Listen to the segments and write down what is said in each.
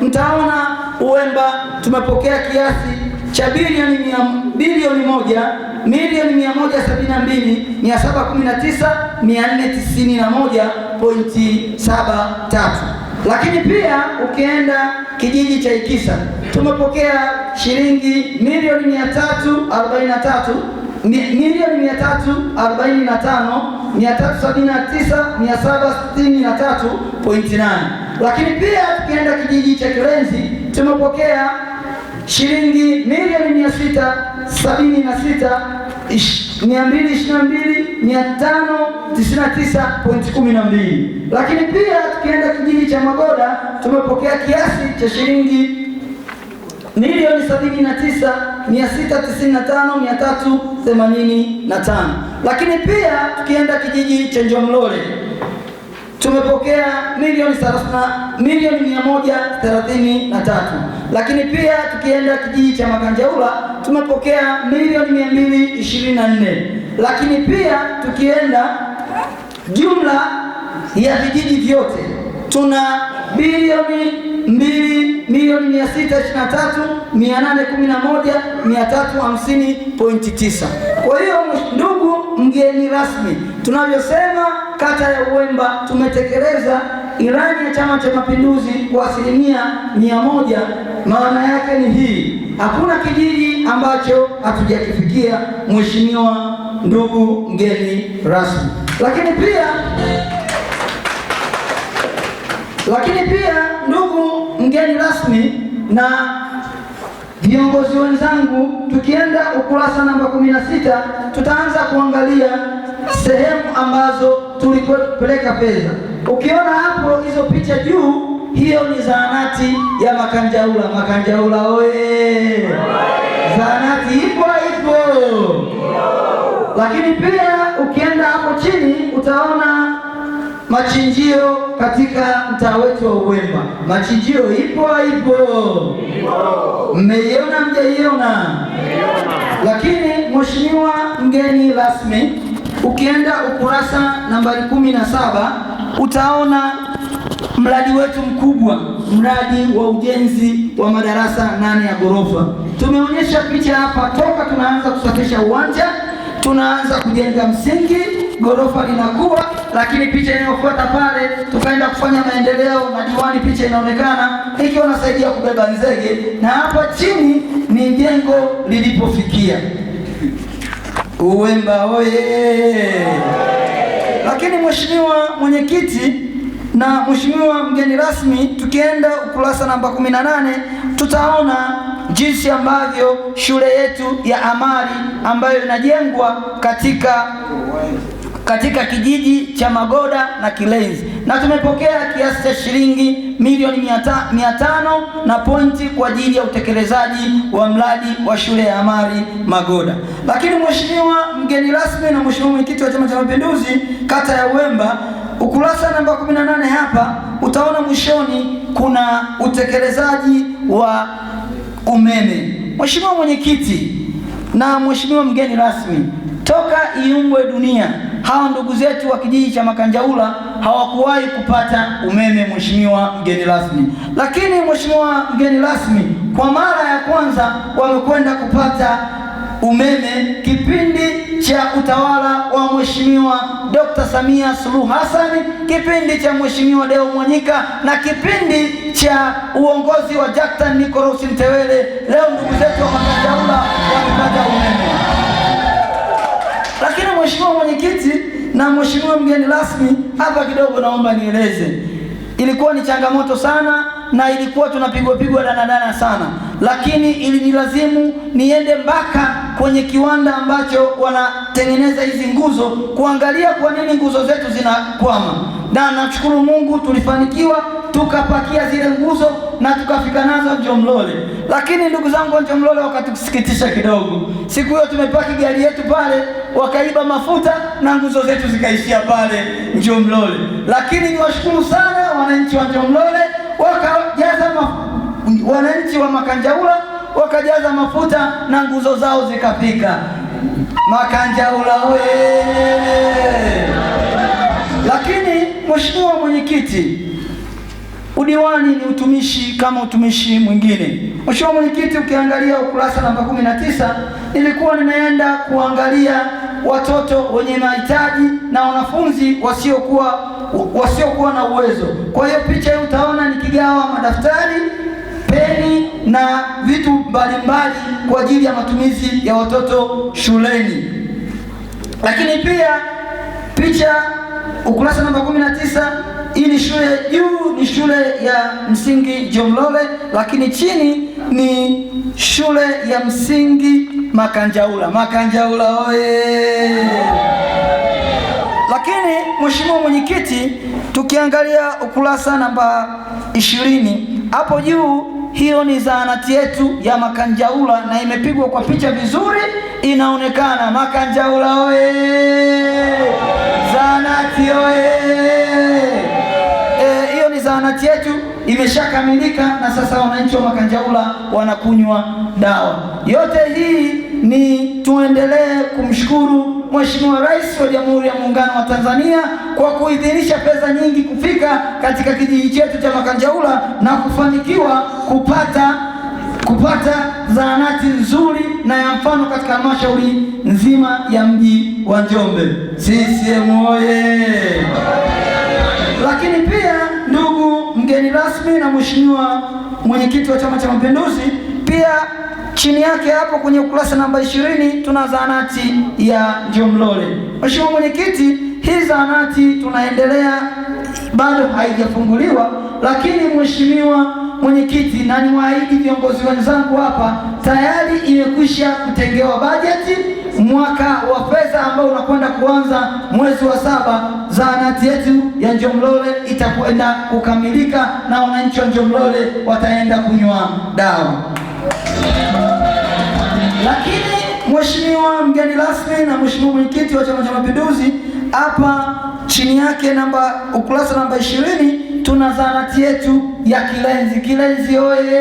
Mtaona Uwemba tumepokea kiasi cha bilioni mia, bilioni moja milioni mia moja sabini na mbili mia saba kumi na tisa mia nne tisini na moja pointi saba tatu. Lakini pia ukienda kijiji cha Ikisa tumepokea shilingi milioni mia tatu arobaini na tatu milioni mia tatu arobaini na tano mia tatu sabini na tisa mia saba sitini na tatu pointi nane. Lakini pia tukienda kijiji cha Kirenzi tumepokea shilingi milioni mia sita sabini na sita mia mbili ishirini na mbili mia tano tisini na tisa pointi kumi na mbili. Lakini pia tukienda kijiji cha Magoda tumepokea kiasi cha shilingi milioni tano. Lakini pia tukienda kijiji cha Njomlole tumepokea milioni milioni 133, lakini pia tukienda kijiji cha Makanjaula tumepokea milioni 224, lakini pia tukienda jumla ya vijiji vyote tuna bilioni mbili milioni mia sita ishirini na tatu mia nane kumi na moja mia tatu hamsini pointi tisa. Kwa hiyo ndugu mgeni rasmi, tunavyosema kata ya Uwemba tumetekeleza ilani ya Chama cha Mapinduzi kwa asilimia mia moja. Maana yake ni hii, hakuna kijiji ambacho hatujakifikia, mheshimiwa ndugu mgeni rasmi, lakini pia lakini pia ndugu mgeni rasmi na viongozi wenzangu, tukienda ukurasa namba 16 tutaanza kuangalia sehemu ambazo tulipeleka pesa. Ukiona hapo hizo picha juu hiyo ni zahanati ya Makanjaula. Makanjaula oye! Zahanati ipo ipo, lakini pia ukienda hapo chini utaona machinjio katika mtaa wetu wa Uwemba. Machinjio ipo haipo? Mmeiona mjaiona? Lakini mheshimiwa mgeni rasmi, ukienda ukurasa nambari kumi na saba utaona mradi wetu mkubwa, mradi wa ujenzi wa madarasa nane ya ghorofa. Tumeonyesha picha hapa toka tunaanza kusafisha uwanja, tunaanza kujenga msingi gorofa linakuwa, lakini picha inayofuata pale tukaenda kufanya maendeleo na diwani, picha inaonekana ikiwa nasaidia kubeba nzege, na hapa chini ni jengo lilipofikia. Uwemba oye! Lakini mheshimiwa mwenyekiti na mheshimiwa mgeni rasmi, tukienda ukurasa namba 18 tutaona jinsi ambavyo shule yetu ya amali ambayo inajengwa katika katika kijiji cha Magoda na Kilenzi, na tumepokea kiasi cha shilingi milioni mia tano na pointi kwa ajili ya utekelezaji wa mradi wa shule ya amali Magoda. Lakini mheshimiwa mgeni rasmi na mheshimiwa mwenyekiti wa Chama cha Mapinduzi kata ya Uwemba, ukurasa namba 18 hapa utaona mwishoni kuna utekelezaji wa umeme. Mheshimiwa mwenyekiti na mheshimiwa mgeni rasmi, toka iumbwe dunia Hawa ndugu zetu wa kijiji cha Makanjaula hawakuwahi kupata umeme, mheshimiwa mgeni rasmi. Lakini mheshimiwa mgeni rasmi, kwa mara ya kwanza wamekwenda kupata umeme kipindi cha utawala wa mheshimiwa Dr. Samia Suluhu Hassan, kipindi cha mheshimiwa Deo Mwanyika na kipindi cha uongozi wa Jackton Nicolas Ntewele. Leo ndugu zetu wa Makanjaula wamepata umeme mwenyekiti na mheshimiwa mgeni rasmi, hapa kidogo naomba nieleze, ilikuwa ni changamoto sana na ilikuwa tunapigwa pigwa danadana sana, lakini ilinilazimu niende mpaka kwenye kiwanda ambacho wanatengeneza hizi nguzo kuangalia kwa nini nguzo zetu zinakwama, na namshukuru Mungu tulifanikiwa tukapakia zile nguzo na tukafika nazo Njomlole. Lakini ndugu zangu Njomlole wakatusikitisha kidogo. Siku hiyo tumepaki gari yetu pale, wakaiba mafuta na nguzo zetu zikaishia pale Njomlole. Lakini niwashukuru sana wananchi wa Njomlole, wakajaza wananchi wa Makanjaula wakajaza mafuta na nguzo zao zikafika Makanjaula wee. Lakini mheshimiwa mwenyekiti Udiwani ni utumishi kama utumishi mwingine. Mheshimiwa Mwenyekiti, ukiangalia ukurasa namba 19 nilikuwa nimeenda kuangalia watoto wenye mahitaji na wanafunzi wasiokuwa wasiokuwa na uwezo. Kwa hiyo picha hii utaona nikigawa madaftari, peni na vitu mbalimbali kwa ajili ya matumizi ya watoto shuleni. Lakini pia picha ukurasa namba 19 hii ni shule juu, ni shule ya msingi Jomlole, lakini chini ni shule ya msingi Makanjaula. Makanjaula oye! Lakini mheshimiwa mwenyekiti, tukiangalia ukurasa namba ishirini hapo juu hiyo ni zahanati yetu ya Makanjaula na imepigwa kwa picha vizuri, inaonekana. Makanjaula oye! Zahanati oye! zahanati yetu imeshakamilika na sasa wananchi wa Makanjaula wanakunywa dawa. Yote hii ni tuendelee kumshukuru Mheshimiwa Rais wa Jamhuri ya Muungano wa Tanzania kwa kuidhinisha pesa nyingi kufika katika kijiji chetu cha Makanjaula na kufanikiwa kupata kupata zahanati nzuri na ya mfano katika halmashauri nzima ya mji wa Njombe. CCM oye! Lakini pia mgeni rasmi na mheshimiwa mwenyekiti wa Chama cha Mapinduzi. Pia chini yake hapo kwenye ukurasa namba ishirini tuna zahanati ya Njomlole. Mheshimiwa mwenyekiti, hii zahanati tunaendelea, bado haijafunguliwa, lakini mheshimiwa mwenyekiti na niwaahidi viongozi wenzangu hapa, tayari imekwisha kutengewa bajeti mwaka wa fedha ambao unakwenda kuanza mwezi wa saba, zahanati yetu ya Njomlole itakwenda kukamilika na wananchi wa Njomlole wataenda kunywa dawa. Lakini mheshimiwa mgeni rasmi na mheshimiwa mwenyekiti wa Chama cha Mapinduzi, hapa chini yake namba ukurasa namba ishirini tuna zahanati yetu ya Kilenzi. Kilenzi oye!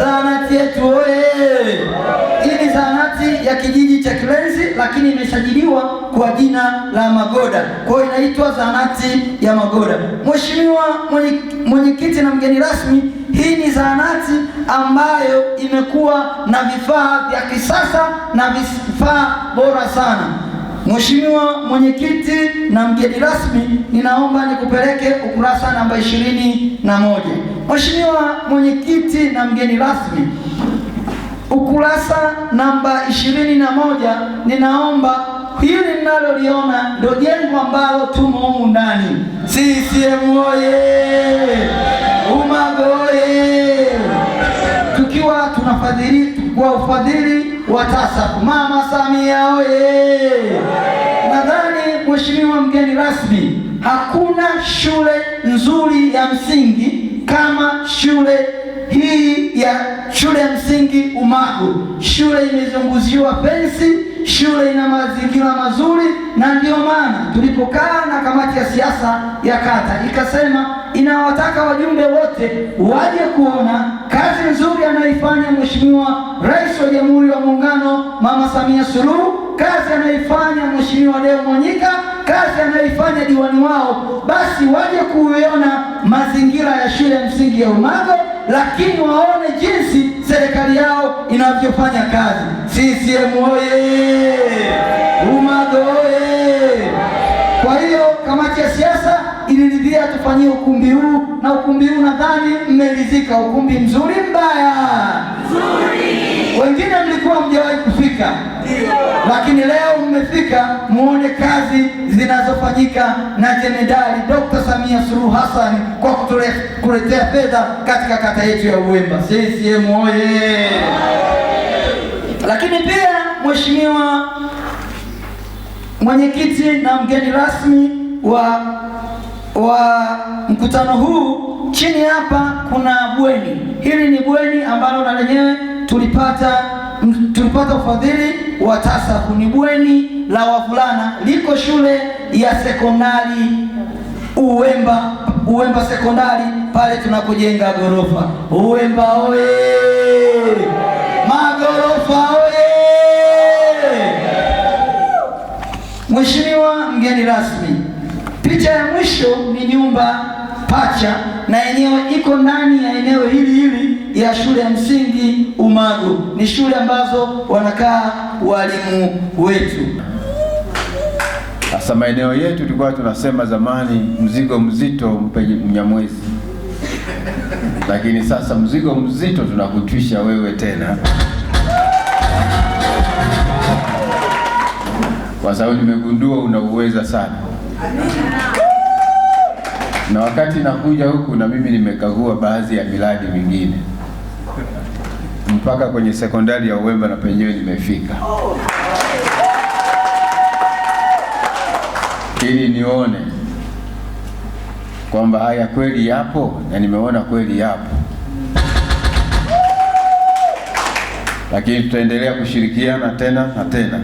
Zahanati yetu oye! hifadhi ya kijiji cha Kilenzi, lakini imesajiliwa kwa jina la Magoda, kwa hiyo inaitwa zahanati ya Magoda. Mheshimiwa mwenyekiti na mgeni rasmi, hii ni zahanati ambayo imekuwa na vifaa vya kisasa na vifaa bora sana. Mheshimiwa mwenyekiti na mgeni rasmi, ninaomba nikupeleke ukurasa namba ishirini na moja. Mheshimiwa mwenyekiti na mgeni rasmi ukurasa namba ishirini na moja. Ninaomba hili mnaloliona ndio jengo ambalo tumo humu ndani. CCM oye! Umago oye! Tukiwa tunafadhili kwa ufadhili wa TASAF. Mama Samia oye! Nadhani mheshimiwa mgeni rasmi, hakuna shule nzuri ya msingi kama shule hii ya shule ya msingi Umagu, shule imezunguziwa fensi, shule ina mazingira mazuri, na ndio maana tulipokaa na kamati ya siasa ya kata ikasema inawataka wajumbe wote waje kuona kazi nzuri anayoifanya Mheshimiwa Rais wa Jamhuri ya Muungano Mama Samia Suluhu, kazi anayoifanya Mheshimiwa Deo Mwanyika, kazi anayoifanya diwani wao, basi waje kuiona mazingira ya shule ya msingi ya Umago lakini waone jinsi serikali yao inavyofanya kazi. CCM oye! Umago oye! Kwa hiyo kamati ya siasa iliridhia tufanyie ukumbi huu, na ukumbi huu nadhani mmelizika. Ukumbi mzuri mbaya? Mzuri mmefika, lakini leo mmefika muone kazi zinazofanyika na Jenerali Dr. Samia Suluhu Hassan kwa kutuletea fedha katika kata yetu ya Uwemba. CCM oye! Lakini pia mheshimiwa mwenyekiti na mgeni rasmi wa wa mkutano huu chini hapa kuna bweni. Hili ni bweni ambalo na lenyewe tulipata nilipata ufadhili wa TASAF. Ni bweni la wavulana liko shule ya sekondari Uwemba, Uwemba sekondari pale tunakojenga gorofa. Uwemba oye! Magorofa oye! Mheshimiwa mgeni rasmi, picha ya mwisho ni nyumba Pacha na yenyewe iko ndani ya eneo hili hili ya shule ya msingi Umagu. Ni shule ambazo wanakaa walimu wetu. Sasa maeneo yetu tulikuwa tunasema zamani, mzigo mzito mpe Mnyamwezi, lakini sasa mzigo mzito tunakutwisha wewe tena, kwa sababu nimegundua unauweza sana na wakati nakuja huku na mimi nimekagua baadhi ya miradi mingine mpaka kwenye sekondari ya Uwemba na penyewe nimefika ili nione kwamba haya kweli yapo na nimeona kweli yapo, lakini tutaendelea kushirikiana tena na tena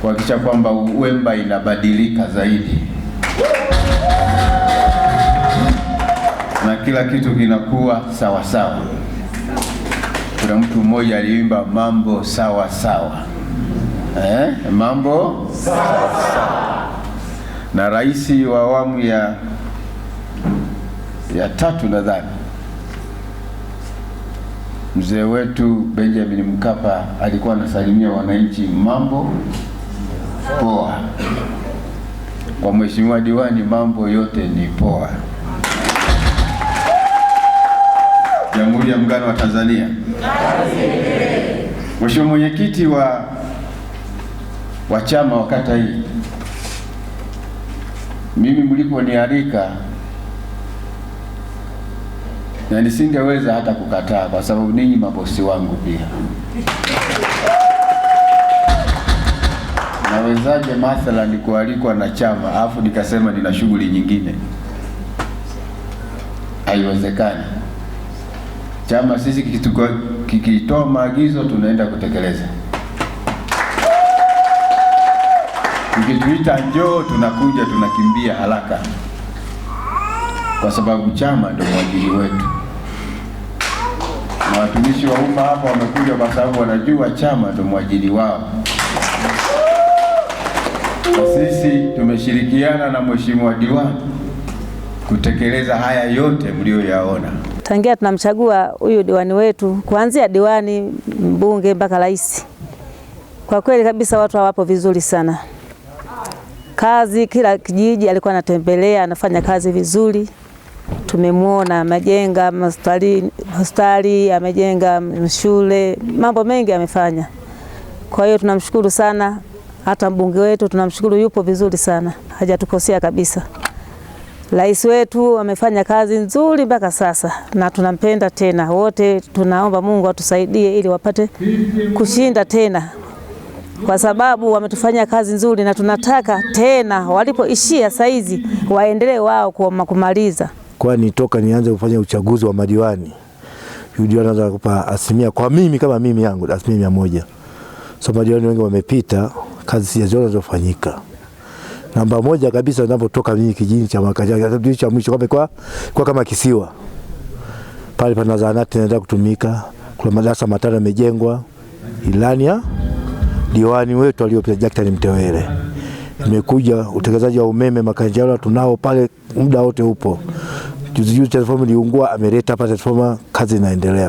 kuhakikisha kwamba Uwemba inabadilika zaidi. kila kitu kinakuwa sawa sawa. Kuna mtu mmoja aliimba mambo sawa sawa, eh? mambo sawa sawa. Na rais wa awamu ya ya tatu nadhani mzee wetu Benjamin Mkapa alikuwa anasalimia wananchi mambo poa. Kwa mheshimiwa diwani, mambo yote ni poa. Jamhuri ya Muungano wa Tanzania. Mheshimiwa mwenyekiti wa wa chama wa kata hii, mimi mliponialika na nisingeweza hata kukataa kwa sababu ninyi mabosi wangu pia. Nawezaje mathalan kualikwa na chama alafu nikasema nina shughuli nyingine? Haiwezekani chama sisi kikitoa maagizo tunaenda kutekeleza, kikituita njoo tunakuja, tunakimbia haraka, kwa sababu chama ndio mwajiri wetu. Na watumishi wa umma hapa wamekuja kwa sababu wanajua chama ndio mwajiri wao. Na sisi tumeshirikiana na mheshimiwa diwani kutekeleza haya yote mlioyaona tangia tunamchagua huyu diwani wetu, kuanzia diwani, mbunge mpaka rais, kwa kweli kabisa watu hawapo vizuri sana. Kazi kila kijiji alikuwa anatembelea, anafanya kazi vizuri. Tumemwona amejenga hospitali, amejenga shule, mambo mengi amefanya. Kwa hiyo tunamshukuru sana. Hata mbunge wetu tunamshukuru, yupo vizuri sana, hajatukosea kabisa. Rais wetu amefanya kazi nzuri mpaka sasa na tunampenda tena wote. Tunaomba Mungu atusaidie ili wapate kushinda tena, kwa sababu wametufanyia kazi nzuri, na tunataka tena walipoishia saizi waendelee wao kumaliza, kwani toka nianze kufanya uchaguzi wa madiwani anaweza kupa asilimia kwa mimi kama mimi yangu asilimia mia moja. So madiwani wengi wamepita, kazi sijaziona zofanyika namba moja kabisa, ninapotoka mimi kijiji cha Makajanga cha mwisho kwa kwa kama kisiwa pale, pana zahanati naenda kutumika, kuna madarasa matano yamejengwa. Ilani ya diwani wetu aliyopita Jackton Mtewele imekuja utekelezaji wa umeme Makajanga tunao pale, muda wote upo. Juzi juzi transformer iliungua, ameleta hapa transformer, kazi inaendelea.